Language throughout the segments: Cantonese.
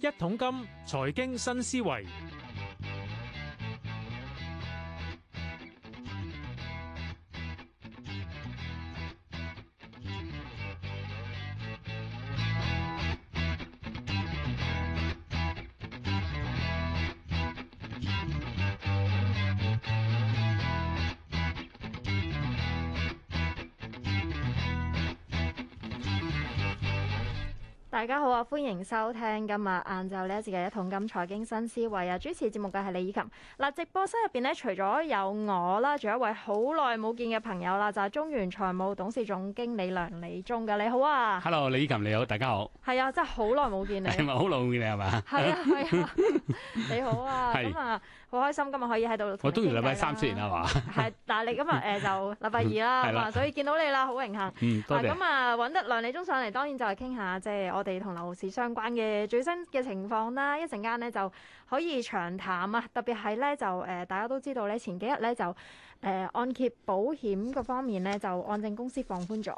一桶金，財經新思維。大家好啊，歡迎收聽今日晏晝呢一節嘅一桶金財經新思維啊！主持節目嘅係李以琴。嗱，直播室入邊咧，除咗有我啦，仲有一位好耐冇見嘅朋友啦，就係、是、中原財務董事總經理梁理中嘅。你好啊！Hello，李以琴，你好，大家好。係啊，真係好耐冇見你。係咪好耐冇見你係嘛？係啊係啊，啊 你好啊，咁是啊。好開心，今日可以喺度，我都要禮拜三先。係嘛？係，嗱你今日誒就禮拜二啦， 的所以見到你啦，好榮幸。咁、嗯、啊揾得梁理中上嚟，當然就係傾下即係、就是、我哋同樓市相關嘅最新嘅情況啦。一陣間咧就可以長談啊！特別係咧就誒、呃，大家都知道咧，前幾日咧就誒、呃、按揭保險嗰方面咧就按證公司放寬咗。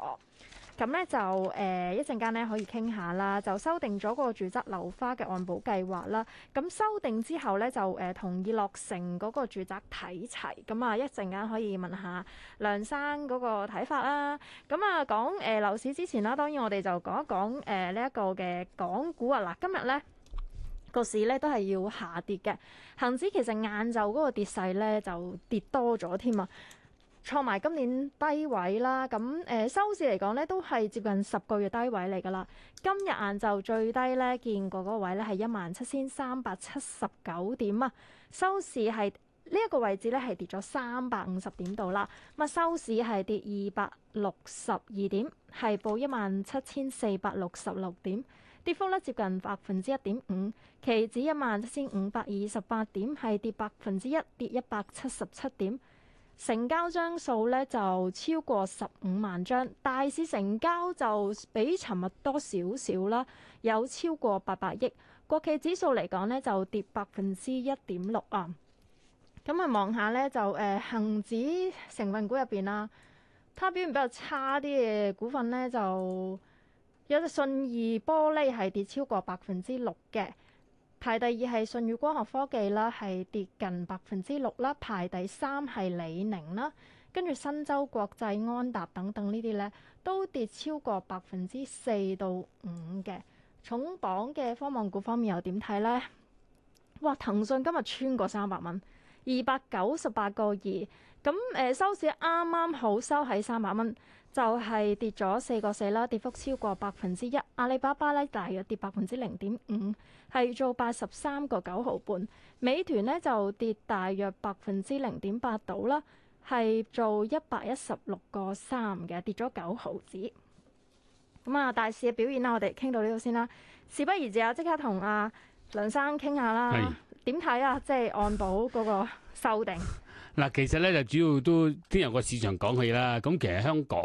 咁咧就誒一陣間咧可以傾下啦，就修訂咗個住宅樓花嘅按保計劃啦。咁修訂之後咧就誒、呃、同意落成嗰個住宅睇齊。咁啊一陣間可以問下梁生嗰個睇法啦。咁啊講誒、呃、樓市之前啦，當然我哋就講一講誒呢一個嘅港股啊。嗱，今日咧個市咧都係要下跌嘅，恒指其實晏晝嗰個跌勢咧就跌多咗添啊。創埋今年低位啦，咁誒、呃、收市嚟講咧，都係接近十個月低位嚟㗎啦。今日晏晝最低咧，見過嗰位咧係一萬七千三百七十九點啊。收市係呢一個位置咧係跌咗三百五十點度啦。咁啊收市係跌二百六十二點，係報一萬七千四百六十六點，跌幅咧接近百分之一點五。期指一萬七千五百二十八點係跌百分之一，跌一百七十七點。成交張數咧就超過十五萬張，大市成交就比尋日多少少啦，有超過八百億。國企指數嚟講咧就跌百分之一點六啊。咁啊望下咧就誒恆指成分股入邊啦，睇下表現比較差啲嘅股份咧就有隻信義玻璃係跌超過百分之六嘅。排第二係舜宇光學科技啦，係跌近百分之六啦。排第三係李寧啦，跟住申洲國際、安踏等等呢啲呢都跌超過百分之四到五嘅。重磅嘅科網股方面又點睇呢？哇！騰訊今日穿過三百蚊，二百九十八個二，咁、呃、誒收市啱啱好收喺三百蚊。就係跌咗四個四啦，跌幅超過百分之一。阿里巴巴咧，大約跌百分之零點五，係做八十三個九毫半。美團咧就跌大約百分之零點八度啦，係做一百一十六個三嘅，跌咗九毫子。咁啊，大市嘅表現啦，我哋傾到呢度先啦。事不宜遲是啊，即刻同阿梁生傾下啦。點睇啊？即係按保嗰個修訂。嗱，其實咧，就主要都先由個市場講起啦。咁其實香港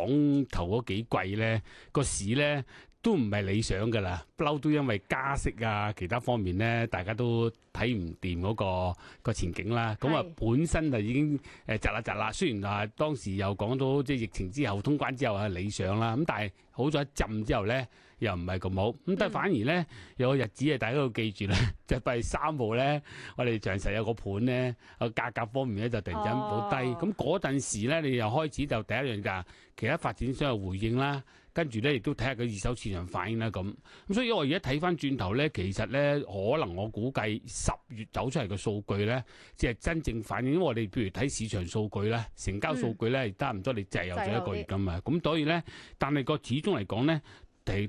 頭嗰幾季咧，個市咧，都唔係理想噶啦，不嬲都因為加息啊，其他方面咧大家都睇唔掂嗰個前景啦。咁啊是，本身就已經誒窒啦窒啦。雖然話當時又講到即係疫情之後通關之後係理想啦，咁但係好咗一浸之後咧，又唔係咁好，咁但係反而咧有個日子啊，大家要記住咧，就係三號咧，我哋長實有個盤咧，個價格方面咧就突然間好低，咁嗰陣時咧，你又開始就第一樣價，其他發展商又回應啦，跟住咧亦都睇下佢二手市場反應啦咁。咁所以我而家睇翻轉頭咧，其實咧可能我估計十月走出嚟嘅數據咧，即係真正反應，因為我哋譬如睇市場數據咧，成交數據咧，係差唔多，你淨係有咗一個月咁嘛。咁所以咧，但係個始終嚟講咧。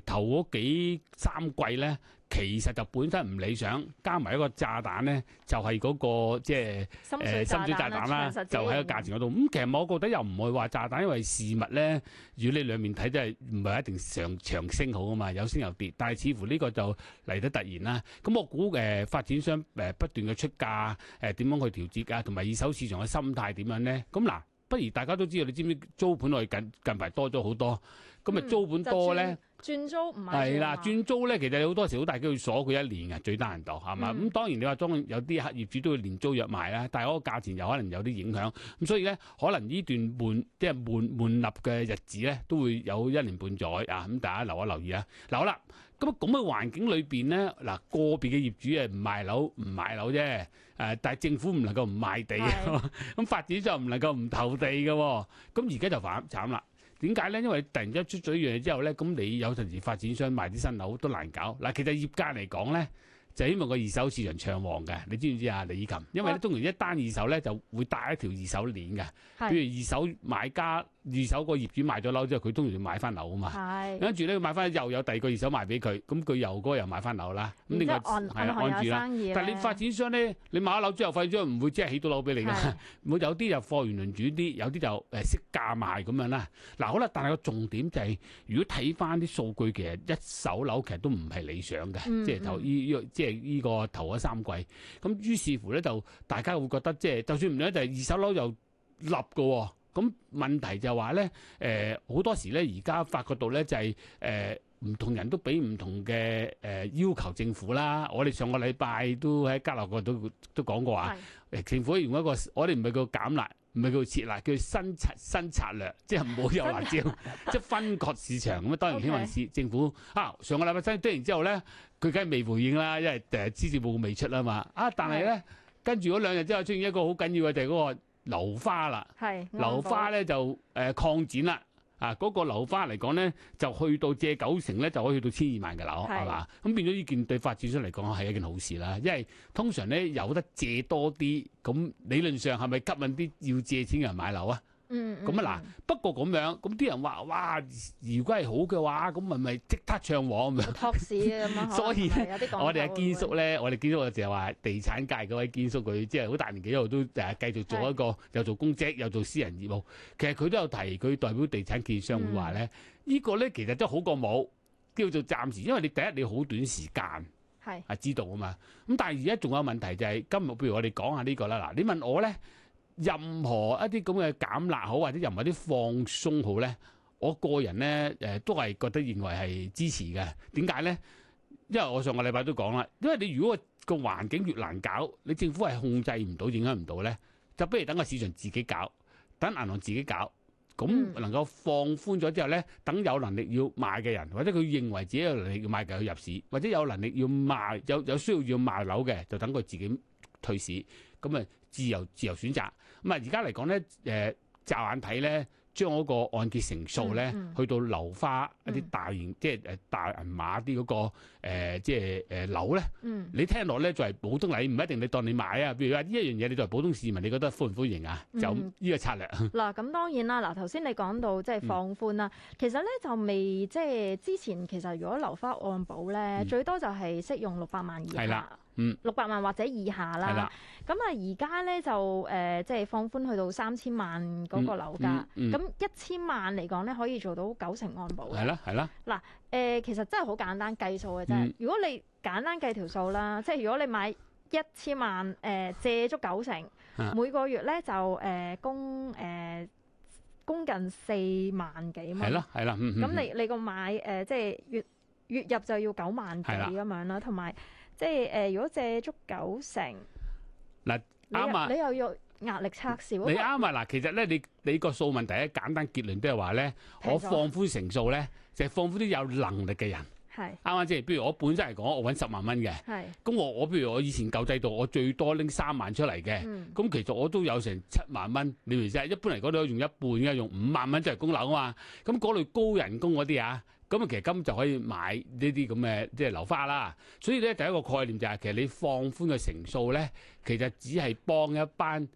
頭嗰幾三季咧，其實就本身唔理想，加埋一個炸彈咧，就係、是、嗰、那個即係誒深水炸彈啦，彈呃、就喺個價錢嗰度。咁、嗯、其實我覺得又唔會話炸彈，因為事物咧，如果你兩面睇，真係唔係一定上長升好㗎嘛，有升有跌。但係似乎呢個就嚟得突然啦。咁、嗯、我估誒、呃、發展商誒不斷嘅出價誒點、呃、樣去調節啊，同埋二手市場嘅心態點樣咧？咁嗱，不如大家都知道你知唔知租盤我哋近近排多咗好多？咁啊租盤多咧。嗯嗯。轉租唔係。係啦的，轉租咧，其實你好多時好大機會鎖佢一年嘅，最低限度係嘛？咁、嗯、當然你話當有啲黑業主都會連租約賣啦，但係嗰個價錢又可能有啲影響。咁所以咧，可能呢段悶即係悶悶立嘅日子咧，都會有一年半載啊！咁大家留一留意啊。嗱好啦，咁咁嘅環境裏邊咧，嗱個別嘅業主誒唔賣樓唔買樓啫，誒、呃、但係政府唔能夠唔賣地，咁發展就唔能夠唔投地嘅。咁而家就反慘啦。點解咧？因為突然間出咗一樣嘢之後咧，咁你有陣時發展商賣啲新樓都難搞。嗱，其實業界嚟講咧，就希望個二手市場暢旺嘅。你知唔知啊？李琴？因為咧，通常一單二手咧就會帶一條二手鏈嘅，譬如二手買家。二手個業主賣咗樓之後，佢當然要買翻樓啊嘛。係，跟住咧，呢買翻又有第二個二手賣俾佢，咁佢又嗰又人買翻樓啦。咁呢個係啦，嗯嗯、按住啦。嗯、但係你發展商咧，你買咗樓之後，廢咗唔會即係起到樓俾你㗎。冇的 有啲就貨源輪轉啲，有啲就誒識價賣咁樣啦。嗱、啊，好啦，但係個重點就係、是，如果睇翻啲數據，其實一手樓其實都唔係理想嘅、嗯嗯，即係呢呢呢，即係呢個頭嗰三季。咁於是乎咧，就大家會覺得即係，就算唔理，但係二手樓又立㗎喎。咁問題就話咧，誒、呃、好多時咧，而家發覺到咧就係誒唔同人都俾唔同嘅誒、呃、要求政府啦。我哋上個禮拜都喺加勒國都都講過啊。是政府用一個，我哋唔係叫減辣，唔係叫撤辣，叫新策新策略，即係唔好有辣椒，即係 分割市場咁啊。當然希望市政府 Okay. 啊，上個禮拜真啲然之後咧，佢梗係未回應啦，因為誒施政報告未出啊嘛。啊，但係咧跟住嗰兩日之後出現一個好緊要嘅就係嗰個。是嗯樓花啦，樓、嗯、花咧就誒、呃、擴展啦，啊嗰、那個樓花嚟講咧，就去到借九成咧，就可以去到千二萬嘅樓，係嘛是？咁變咗呢件對發展商嚟講係一件好事啦，因為通常咧有得借多啲，咁理論上係咪吸引啲要借錢嘅人買樓啊？嗯，嗯，咁啊嗱，不過咁樣，咁啲人話，哇，如果係好嘅話，咁咪咪即刻暢旺，咁樣、嗯嗯，托市啊咁啊，所以我哋阿堅叔咧，會會我哋堅叔就成日話，地產界嗰位堅叔，佢即係好大年紀一路都誒繼續做一個，嗯、又做公職，又做私人業務。其實佢都有提，佢代表地產建商會話咧，呢、嗯、個咧其實都好過冇，叫做暫時，因為你第一你好短時間係啊、嗯、是知道啊嘛。咁但係而家仲有問題就係、是、今日，譬如我哋講下呢、這個啦，嗱，你問我咧。任何一啲咁嘅減辣好，或者任何啲放鬆好呢，我個人呢誒都係覺得認為係支持嘅。點解呢？因為我上個禮拜都講啦，因為你如果個環境越難搞，你政府係控制唔到、影響唔到呢，就不如等個市場自己搞，等銀行自己搞，咁能夠放寬咗之後呢，等有能力要買嘅人，或者佢認為自己有能力要買嘅去入市，或者有能力要賣、有有需要要賣樓嘅，就等佢自己退市，咁啊自由自由選擇。咁啊，而家嚟講咧，誒，乍眼睇咧，將嗰個按揭成數咧，去到樓花一啲大型，即係誒大銀碼啲嗰個即係誒樓咧。你聽落咧作為普通嚟，唔一定你當你買啊。譬如話呢一樣嘢，你作為普通市民，你覺得歡唔歡迎啊？就呢個策略嗱，咁當然啦。嗱，頭先你講到即係放寬啦，其實咧就未即係之前，其實如果樓花按保咧，嗯、最多就係適用六百萬以下。的六百萬或者以下啦，咁啊而家咧就誒即係放寬去到三千萬嗰個樓價，咁一千萬嚟講咧可以做到九成按保嘅。係啦，係啦。嗱誒，其實真係好簡單計數嘅啫。嗯、如果你簡單計條數啦，即係如果你買一千萬誒、呃、借足九成，每個月咧就誒供誒供近四萬幾蚊。係咯，係啦。咁、嗯、你你個買誒、呃、即係月月，月入就要九萬幾咁樣啦，同埋的。 即係誒，如果借足九成，嗱啱啊，你又要壓力測試。你啱啊，嗱，其實咧，你你個數問題簡單結論都係話咧，我放寬成數咧，就放寬啲有能力嘅人。係啱啱先，即係譬如我本身嚟講，我揾十萬蚊嘅，咁我我譬如我以前舊制度，我最多拎三萬出嚟嘅，咁其實我都有成七萬蚊，你明唔明先？即係一般嚟講都用一半嘅，用五萬蚊即係供樓啊嘛，咁嗰類高人工嗰啲啊。咁啊，其實今就可以買呢啲咁嘅即係樓花啦。所以咧，第一個概念就係、是、其實你放寬嘅成數咧，其實只係幫一班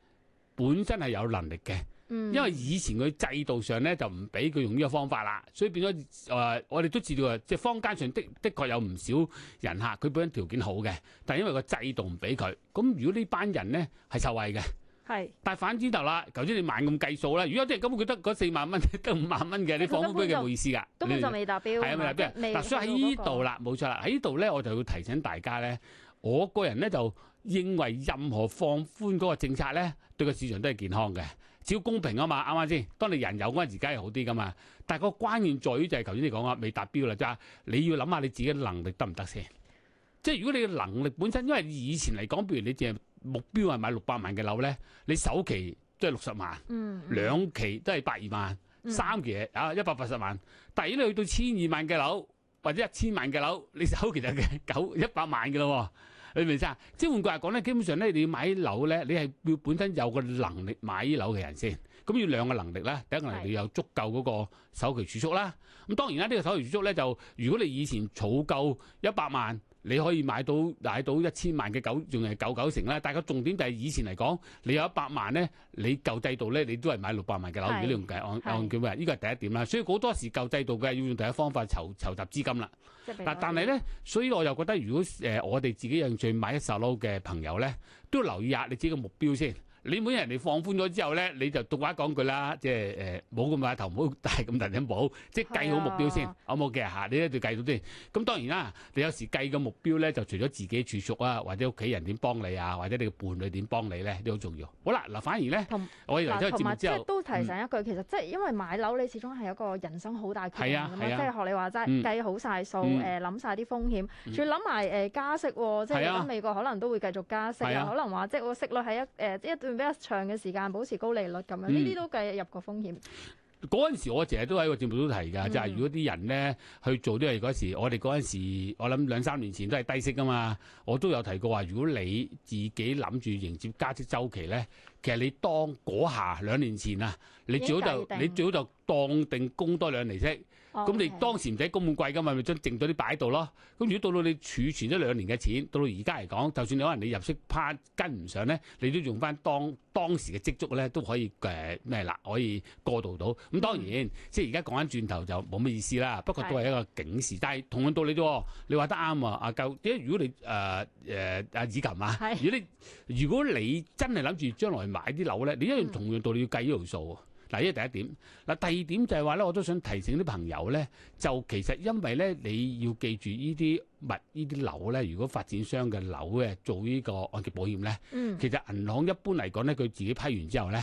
本身係有能力嘅。嗯、因為以前佢制度上咧就唔俾佢用呢個方法啦，所以變咗誒、呃，我哋都知道啊，即、就、係、是、坊間上的的確有唔少人客，佢本身條件好嘅，但係因為個制度唔俾佢，咁如果呢班人咧係受惠嘅。係，但係反轉頭啦，頭先你猛咁計數啦。如果啲人咁覺得嗰四萬蚊得五萬蚊嘅，你放寬佢就冇意思噶。都仲未達標，係啊，未達標。但所以喺呢度啦，冇那個 錯啦，喺呢度咧，我就要提醒大家咧，我個人咧就認為任何放寬嗰個政策咧，對個市場都係健康嘅，只要公平啊嘛，啱啱先？當你人有嗰陣時梗係好啲噶嘛。但係個關鍵在於就係頭先你講啊，未達標啦，就係你要諗下你自己能力得唔得先。即係如果你嘅能力本身，因為以前嚟講，譬如你淨係目標係買六百萬嘅樓咧，你首期都係六十萬，兩、嗯、期都係百二萬，嗯、三期啊一百八十萬。但係如果你去到千二萬嘅樓或者一千萬嘅樓，你首期就九一百萬嘅咯。你明唔明啊？即係換句話講咧，基本上咧，你要買樓咧，你係要本身有個能力買樓嘅人先。咁要兩個能力啦，第一個係要有足夠嗰個首期儲蓄啦。咁當然啦，呢、呢個首期儲蓄咧，就如果你以前儲夠一百萬。你可以買到買到一千萬嘅九，仲係九九成啦。但係個重點就係以前嚟講，你有一百萬咧，你舊制度咧，你都係買六百萬嘅樓如果是你用計，按按叫咩？呢個係第一點啦。所以好多時舊制度嘅要用第一方法籌籌，籌集資金啦。嗱，但係咧，所以我又覺得，如果誒、呃、我哋自己有興趣買一手樓嘅朋友咧，都要留意下你自己嘅目標先。你每人哋放寬咗之後咧，你就俗話講句啦，即係誒冇咁大頭大，冇戴咁大頂帽，即係計好目標先，啱唔啱嘅？嚇，你一定要計到先。咁當然啦，你有時計個目標咧，就除咗自己住宿啊，或者屋企人點幫你啊，或者你嘅伴侶點幫你咧，都好重要。好啦，嗱，反而咧，同我以為之後之後之後，即係都提醒一句，其實即係因為買樓，你始終係一個人生好大決定咁樣，即係學你話齋計好晒數，誒諗晒啲風險，仲要諗埋誒加息，即係而家美國可能都會繼續加息，可能話即係個息率喺一誒係、呃、一比較長嘅時間保持高利率咁樣，呢啲、嗯、都計入個風險。嗰陣時我成日都喺個節目都提㗎，嗯、就係如果啲人咧去做都係嗰時，我哋嗰陣時我諗兩三年前都係低息㗎嘛，我都有提過話，如果你自己諗住迎接加息週期咧，其實你當嗰下兩年前啊，你最好就你最好就當定供多兩厘息。咁你、哦、 當時唔使咁貴㗎嘛，咪將剩到啲擺度咯。咁如果到到你儲存咗兩年嘅錢，到到而家嚟講，就算你可能你入息攀跟唔上咧，你都用翻當當時嘅積蓄咧都可以誒咩啦，可、呃、以過渡到。咁當然，嗯、即係而家講翻轉頭就冇乜意思啦。不過都係一個警示。的但係同樣道理啫。你話得啱啊，阿舊點？如果你誒誒阿以琴啊，如果你的如果你真係諗住將來買啲樓咧，你一樣同樣道理要計呢條數。嗱，呢家第一點，嗱第二點就係話咧，我都想提醒啲朋友咧，就其實因為咧，你要記住呢啲物、依啲樓咧，如果發展商嘅樓咧做呢個按揭保險咧，嗯，其實銀行一般嚟講咧，佢自己批完之後咧，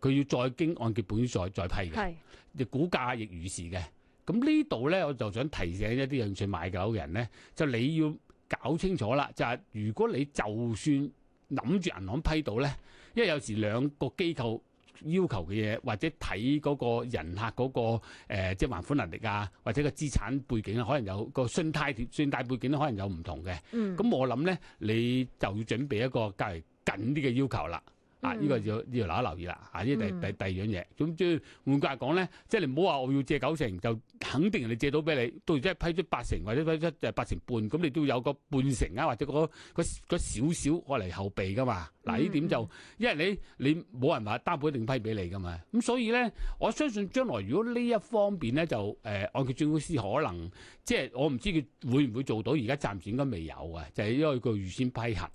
佢要再經按揭保險再再批嘅，係是，亦估價亦如是嘅。咁呢度咧，我就想提醒一啲興趣買樓嘅人咧，就你要搞清楚啦，就係、是、如果你就算諗住銀行批到咧，因為有時兩個機構。要求嘅嘢，或者睇嗰個人客嗰、嗰個、呃、即係還款能力啊，或者個資產背景啊，可能有、嗰個信貸信貸背景咧，可能有唔同嘅。咁、嗯、我諗咧，你就要準備一個較為緊啲嘅要求啦。啊！呢、這個要要留一留意啦，啊！呢第第第二樣嘢，咁即係換句話講咧，即係你唔好話我要借九成，就肯定人哋借到俾你。到時即係批出八成，或者批出就八成半，咁你都有個半成啊，或者個少少過嚟後備噶嘛。嗱、啊，呢點就因為你你冇人話擔保一定批俾你噶嘛。咁、嗯、所以咧，我相信將來如果呢一方面咧，就誒按揭證券公司可能即係我唔知佢會唔會做到，而家暫時應該未有啊，就係、是、因為佢預先批核。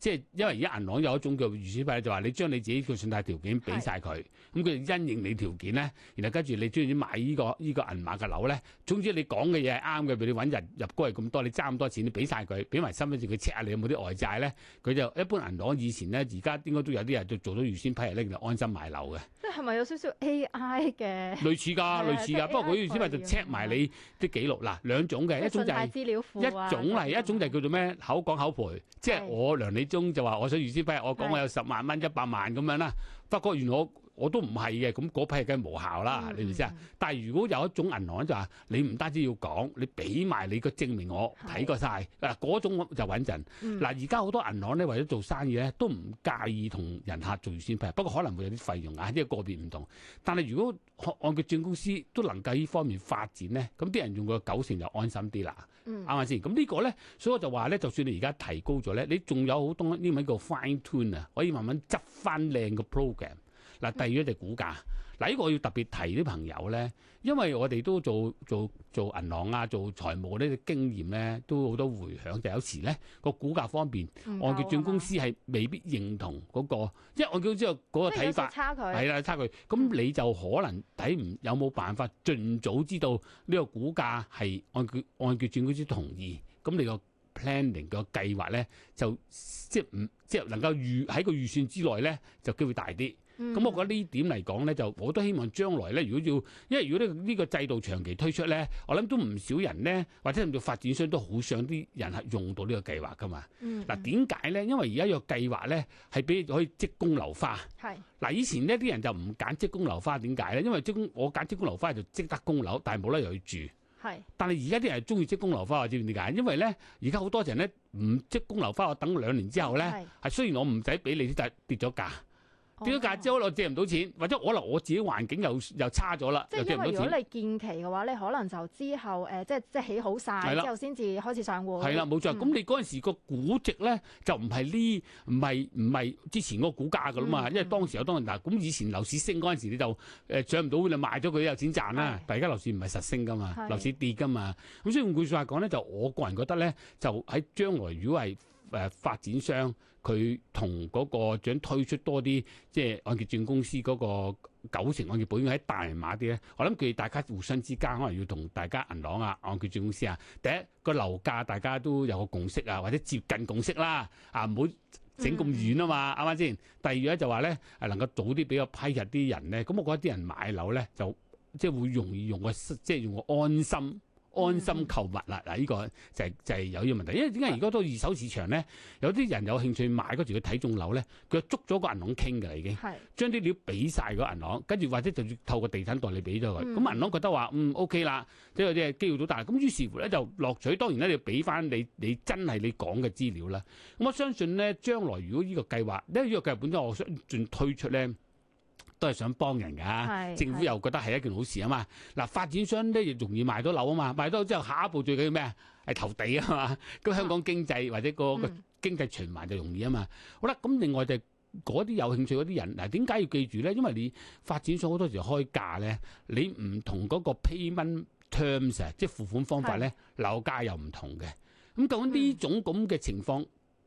即係因為而家銀行有一種叫預先批，就話你將你自己嘅信貸條件俾晒佢，咁佢是、嗯、就因應你條件咧。然後跟住你專門買呢、呢個依、呢個銀碼嘅樓咧。總之你講嘅嘢係啱嘅，譬你揾人入居咁多，你爭咁多錢，你俾晒佢，俾埋身份證，佢 check 下你有冇啲外債咧。佢就一般銀行以前咧，而家應該都有啲人做做到預先批，就拎嚟安心買樓嘅。即係咪有少少 AI 嘅？類似㗎，類似㗎。是不過預先批就 check 埋你啲記錄。嗱的，兩種嘅，一種就係資料庫，一種係一種就係叫做咩口講口賠，的即係我量你。中就話我想預支，譬如我講，我有十萬蚊、一百萬咁樣啦，不過原來我。 我都唔係嘅，咁嗰批梗係無效啦。你知啊？Hmm. 但係如果有一種銀行就話你唔單止要講，你俾埋你個證明我，我睇、mm hmm. 過晒嗱，嗰種就穩陣嗱。而家好多銀行咧，為咗做生意咧，都唔介意同人客做預先批。不過可能會有啲費用啊，因為個別唔同。但係如果按證公司都能夠呢方面發展咧，咁啲人用個九成就安心啲啦。啱唔啱先？咁、hmm. 呢個咧，所以我就話咧，就算你而家提高咗咧，你仲有好多呢？唔係個 fine tune 啊，可以慢慢執翻靚個 program。嗱，第二就係估價。嗱，呢個我要特別提啲朋友咧，因為我哋都做做做銀行啊，做財務呢啲經驗咧，都好多回響。就係、有時咧個估價方面，啊、按揭轉公司係未必認同嗰、嗰個，因為按揭之後嗰個睇法係啦差距。咁、嗯、你就可能睇唔有冇辦法盡早知道呢個估價係按揭按揭轉公司同意咁，你 planning，個 planning 個計劃咧就即係唔即係能夠預喺個預算之內咧，就機會大啲。咁、嗯、我覺得呢點嚟講咧，就我都希望將來咧，如果要，因為如果呢呢個制度長期推出咧，我諗都唔少人咧，或者甚至發展商都好想啲人係用到呢個計劃㗎嘛。嗱，點解咧？因為而家個計劃咧係俾可以即供樓花。係是。嗱，以前呢啲人就唔揀即供樓花，點解咧？因為即供我揀即供樓花就即得供樓，但係冇得又去住。係是。但係而家啲人中意即供樓花，我唔知點解？因為咧，而家好多人咧唔即供樓花，我等兩年之後咧係是雖然我唔使俾你，但係跌咗價。跌咗價之後，我借唔到錢，或者可能我自己環境又又差咗啦，即是 又借唔到錢。即係因為如果你建期嘅話咧，你可能就之後誒、呃，即係即係起好晒是的 之後先至開始上戶。係啦，冇錯。咁、嗯、你嗰陣時個估值咧就唔係呢，唔係唔係之前嗰個股價噶啦嘛，嗯嗯，因為當時有當然嗱，咁以前樓市升嗰陣時你就誒上唔到，你賣咗佢有錢賺啦。是的 但而家樓市唔係實升噶嘛，樓市跌噶嘛，咁所以換句説話講咧，就我個人覺得咧，就喺將來如果係誒發展商。佢同嗰個想推出多啲，即係按揭證券公司嗰個九成按揭保險喺大碼啲咧，我諗佢大家互相之間可能要同大家銀行啊、按揭證券公司啊，第一個樓價大家都有個共識啊，或者接近共識啦、啊，啊唔好整咁遠啊嘛，啱啱先？第二咧就話咧，能夠早啲俾個批入啲人咧，咁我覺得啲人買樓咧就即係會容易用個，即係用個安心。安心購物啦！嗱，呢個就係就係有呢個問題，因為點解而家都二手市場咧，有啲人有興趣買嗰時，佢睇中樓咧，佢捉咗個銀行傾嘅啦，已經係將啲料俾晒個銀行，跟住或者就透過地產代理俾咗佢。咁銀、嗯、行覺得話嗯 OK 啦，即係啲機會到大。咁於是乎咧就落水，當然咧你要俾翻你你真係你講嘅資料啦。咁我相信咧，將來如果呢個計劃，因為呢個計劃本身我想盡推出咧。都係想幫人㗎，是政府又覺得係一件好事啊嘛。嗱是，發展商咧亦容易賣到樓啊嘛，賣到之後下一步最緊要咩啊？係投地啊嘛，咁香港經濟或者、嗰個、嗯、經濟循環就容易啊嘛。好啦，咁另外就嗰、是、啲有興趣嗰啲人，嗱點解要記住咧？因為你發展商好多時開價咧，你唔同嗰個 payment terms，即係付款方法咧，是樓價又唔同嘅。咁究竟呢種咁嘅情況。嗯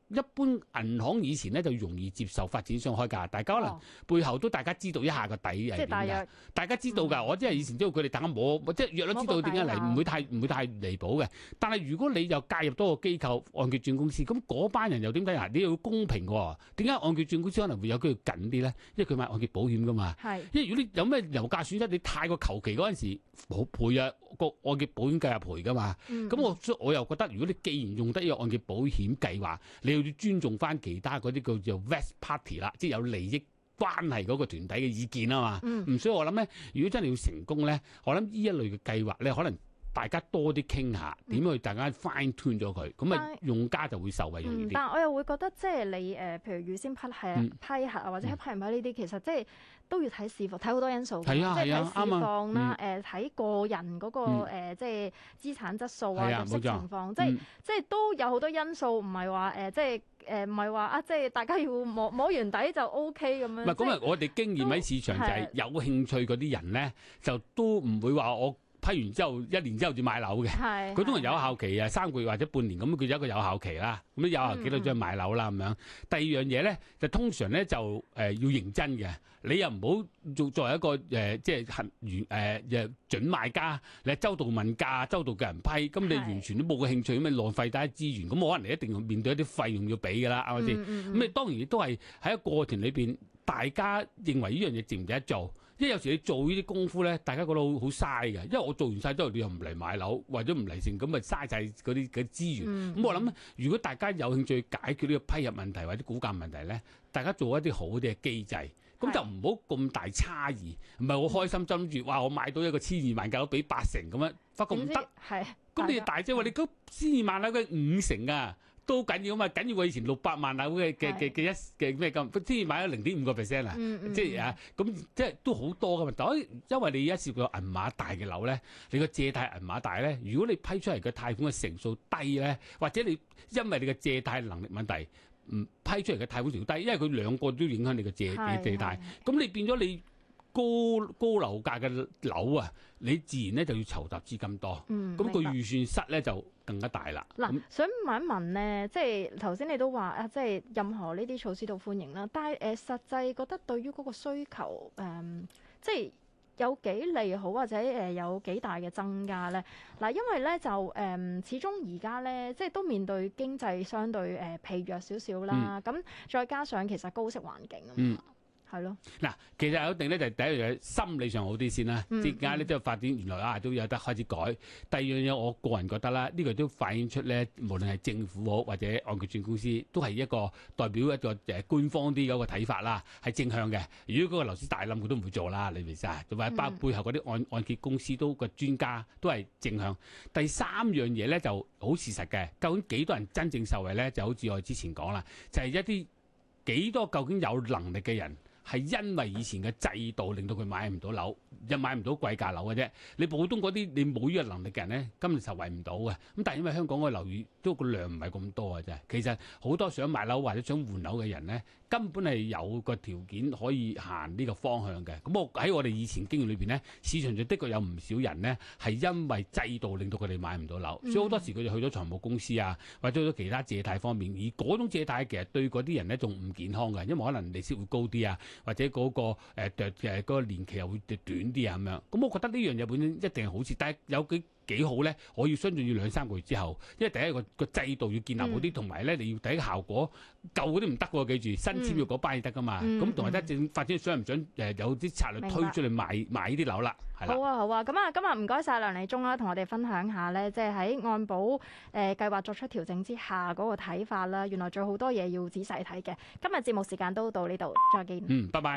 一般銀行以前咧就容易接受發展商開價，大家可能背後都大家知道一下個底係點㗎？大、大家知道㗎，嗯、我即係以前知道佢哋大家冇即係若都知道點解嚟，唔會太唔會太離譜嘅。但係如果你又介入多個機構按揭轉公司，咁嗰班人又點解啊？你又要公平㗎喎？點解按揭轉公司可能會有機會緊啲咧？因為佢買按揭保險㗎嘛，是因為如果你有咩樓價損失，你太過求其嗰陣時冇賠啊，個按揭保險梗係賠㗎嘛。咁、嗯、我所以我又覺得，如果你既然用得呢個按揭保險計劃，你要尊重翻其他嗰啲叫做 vest party 啦，即係有利益關係嗰個團體嘅意見啊嘛，嗯，所以，我諗咧，如果真係要成功咧，我諗呢一類嘅計劃咧，可能。大家多啲傾下，點去大家 fine tune 咗佢，咁咪用家就會受惠容易啲。但係我又會覺得即係你誒，譬如預先批係批核啊，或者批唔批呢啲，其實即係都要睇市況，睇好多因素。係啊，係啊，啱啊。即係睇市況啦，誒睇個人嗰個即係資產質素啊，入息情況，即係即係都有好多因素，唔係話誒即係誒唔係話啊，即係大家要摸摸完底就 OK 咁樣。唔係，講明我哋經驗喺市場就係有興趣嗰啲人咧，就都唔會話我。批完之後一年之後就買樓嘅，佢是通常有效期啊是三個月或者半年咁，佢就一個有效期啦。咁有效幾耐再買樓啦咁、嗯、樣。第二樣嘢咧，就通常咧就誒、呃、要認真嘅。你又唔好做作為一個誒即係原誒誒準買家，你周到問價，周到叫人批。咁你完全都冇個興趣，咁咪浪費大家資源。咁可能你一定要面對一啲費用要俾噶啦，啱唔啱先？咁你、嗯嗯、當然亦都係喺一個過程裏邊，大家認為呢樣嘢值唔值得做？即係有時你做呢啲功夫咧，大家覺得好好嘥嘅，因為我做完晒之後，你又唔嚟買樓，為咗唔嚟成，咁咪嘥晒嗰啲嘅資源。咁、嗯嗯嗯、我諗，如果大家有興趣解決呢個批入問題或者估價問題咧，大家做一啲好啲嘅機制，咁就唔好咁大差異，唔係好開心。嗯、爭住哇，我買到一個千二萬九，俾八成咁樣，發覺不過唔得。係、嗯。咁、嗯嗯、你大姐話你嗰千二萬九嘅五成啊？都緊要啊嘛，緊要我以前六百萬樓嘅嘅嘅嘅一嘅咩咁，先至買咗零點五個 percent 啊，即係啊，咁即係都好多噶嘛。但因為你而家涉及銀碼大嘅樓咧，你個借貸銀碼大咧，如果你批出嚟嘅貸款嘅成數低咧，或者你因為你嘅借貸能力問題，唔、嗯、批出嚟嘅貸款成低，因為佢兩個都影響你嘅借借貸，咁你變咗你高高樓價嘅樓啊，你自然咧就要籌集資金多，咁個預算室咧就。更加大啦！嗱、啊，嗯、想問一問咧，即係頭先你都話啊，即係任何呢啲措施都歡迎啦。但係誒、呃，實際覺得對於嗰個需求誒、嗯，即係有幾利好或者誒、呃、有幾大嘅增加咧？嗱，因為咧就誒、呃，始終而家咧即係都面對經濟相對誒、呃、疲弱少少啦。咁、嗯、再加上其實高息環境啊。嗯係咯嗱，其實有一定咧，就第一樣嘢心理上好啲先啦。即家咧都發展原來啊都有得開始改。第二樣嘢，我個人覺得啦，呢、這個都反映出咧，無論係政府好或者按揭轉公司，都係一個代表一個誒官方啲嗰個睇法啦，係正向嘅。如果嗰個樓市大冧，佢都唔會做啦。你明唔明？就話包括背後嗰啲按按揭公司都個專家都係正向。第三樣嘢咧就好事實嘅，究竟幾多人真正受惠咧？就好似我之前講啦，就係、是、一啲幾多究竟有能力嘅人。係因為以前嘅制度，令到佢買唔到樓，又買唔到貴價樓嘅啫。你普通嗰啲你冇呢個能力嘅人咧，根本受惠唔到嘅。咁但係因為香港嘅樓宇都個量唔係咁多嘅啫。其實好多想買樓或者想換樓嘅人咧，根本係有個條件可以行呢個方向嘅。咁我喺我哋以前經驗裏邊咧，市場上的確有唔少人咧係因為制度令到佢哋買唔到樓，所以好多時佢哋去咗財務公司啊，或者去咗其他借貸方面。而嗰種借貸其實對嗰啲人咧仲唔健康嘅，因為可能利息會高啲啊。或者嗰個誒誒嗰個年期又會短啲啊咁樣，咁我覺得呢樣嘢本身一定係好事，但係有幾。幾好咧？我要相信要兩三個月之後，因為第一個個制度要建立好啲，同埋咧你要第一個效果舊嗰啲唔得喎，記住新簽約嗰班先得㗎嘛。咁同埋得正發展商唔想誒有啲策略推出嚟賣賣呢啲樓啦，係好啊好啊，咁啊今日唔該晒梁理中啦，同我哋分享下咧，即係喺按保誒計劃作出調整之下嗰個睇法啦。原來仲有好多嘢要仔細睇嘅。今日節目時間都到呢度，再見。嗯，拜拜。